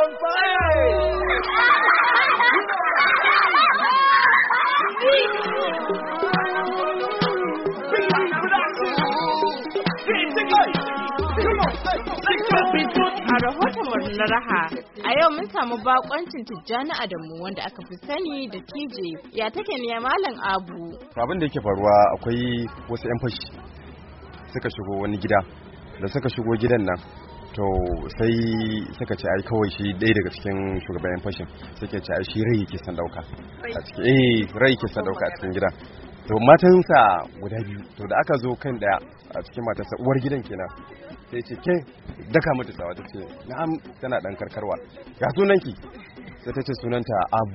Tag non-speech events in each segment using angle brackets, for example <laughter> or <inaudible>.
on A rahoton na raha, a yau mun samu bakoncin Tijjani Adamu wanda aka fi sani da TJ ya take ne Malam Abu. Abin da yake faruwa akwai wasu 'yan fashi suka shigo wani gida da suka shigo gidan nan to sai suka ce ai kawai shi ɗaya daga cikin shugaban yan fashin suke ce ai shi rai yake san dauka a cikin eh rai yake san dauka a cikin gida to matansa guda biyu to da aka zo kan daya a cikin matarsa uwar gidan kenan sai ce ke daka mata tsawa ta ce na'am tana dan karkarwa ga sunanki sai ta ce sunanta abu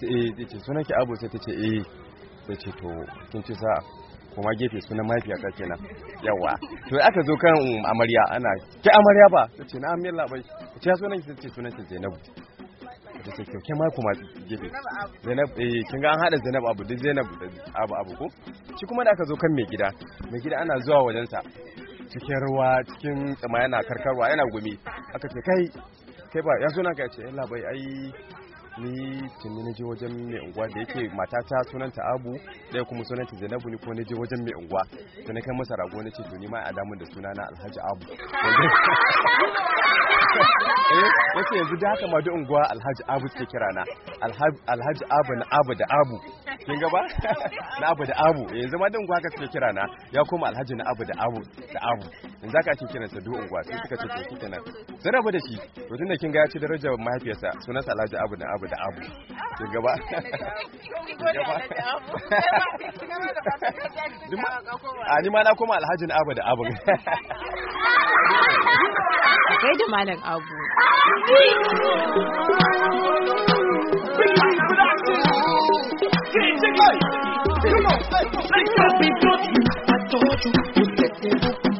sai eh, ta ce sunanki abu sai ta ce eh sai ce to kin ci sa'a kuma gefe sunan mahaifiyata kenan yawa to aka zo kan amarya ana ke amarya ba ta ce na amin labai ta ce sunan ki ta ce sunan ki zainabu ta ce kyau kai ma kuma gefe zainab eh kin ga an hada zainab abu duk zainab abu abu ko shi kuma da aka zo kan mai gida mai gida ana zuwa wajensa cikin ruwa cikin tsama yana karkarwa yana gumi aka ce kai kai ba ya suna ka ce labai ai ni tuni na je wajen mai unguwa da yake matata sunanta abu ɗaya kuma sunanta zainabu ni ko na je wajen mai unguwa ta na kai masa rago na ce to ni ma a damun da suna na alhaji abu <laughs> wasu yanzu da haka madu unguwa alhaji abu suke kira na alhaji abu na abu da abu kin gaba na abu da abu yanzu madu unguwa haka suke kira na ya koma alhaji na abu da abu da abu yanzu haka ake kiransa du unguwa sai suka ce kin kenan zan rabu da shi to tunda kin ga ya ci darajar mahaifiyarsa sunansa alhaji abu na abu da abu kin gaba kin ma na koma alhaji na abu da abu Kai da Malam Abu. Come on, let's go. I told you,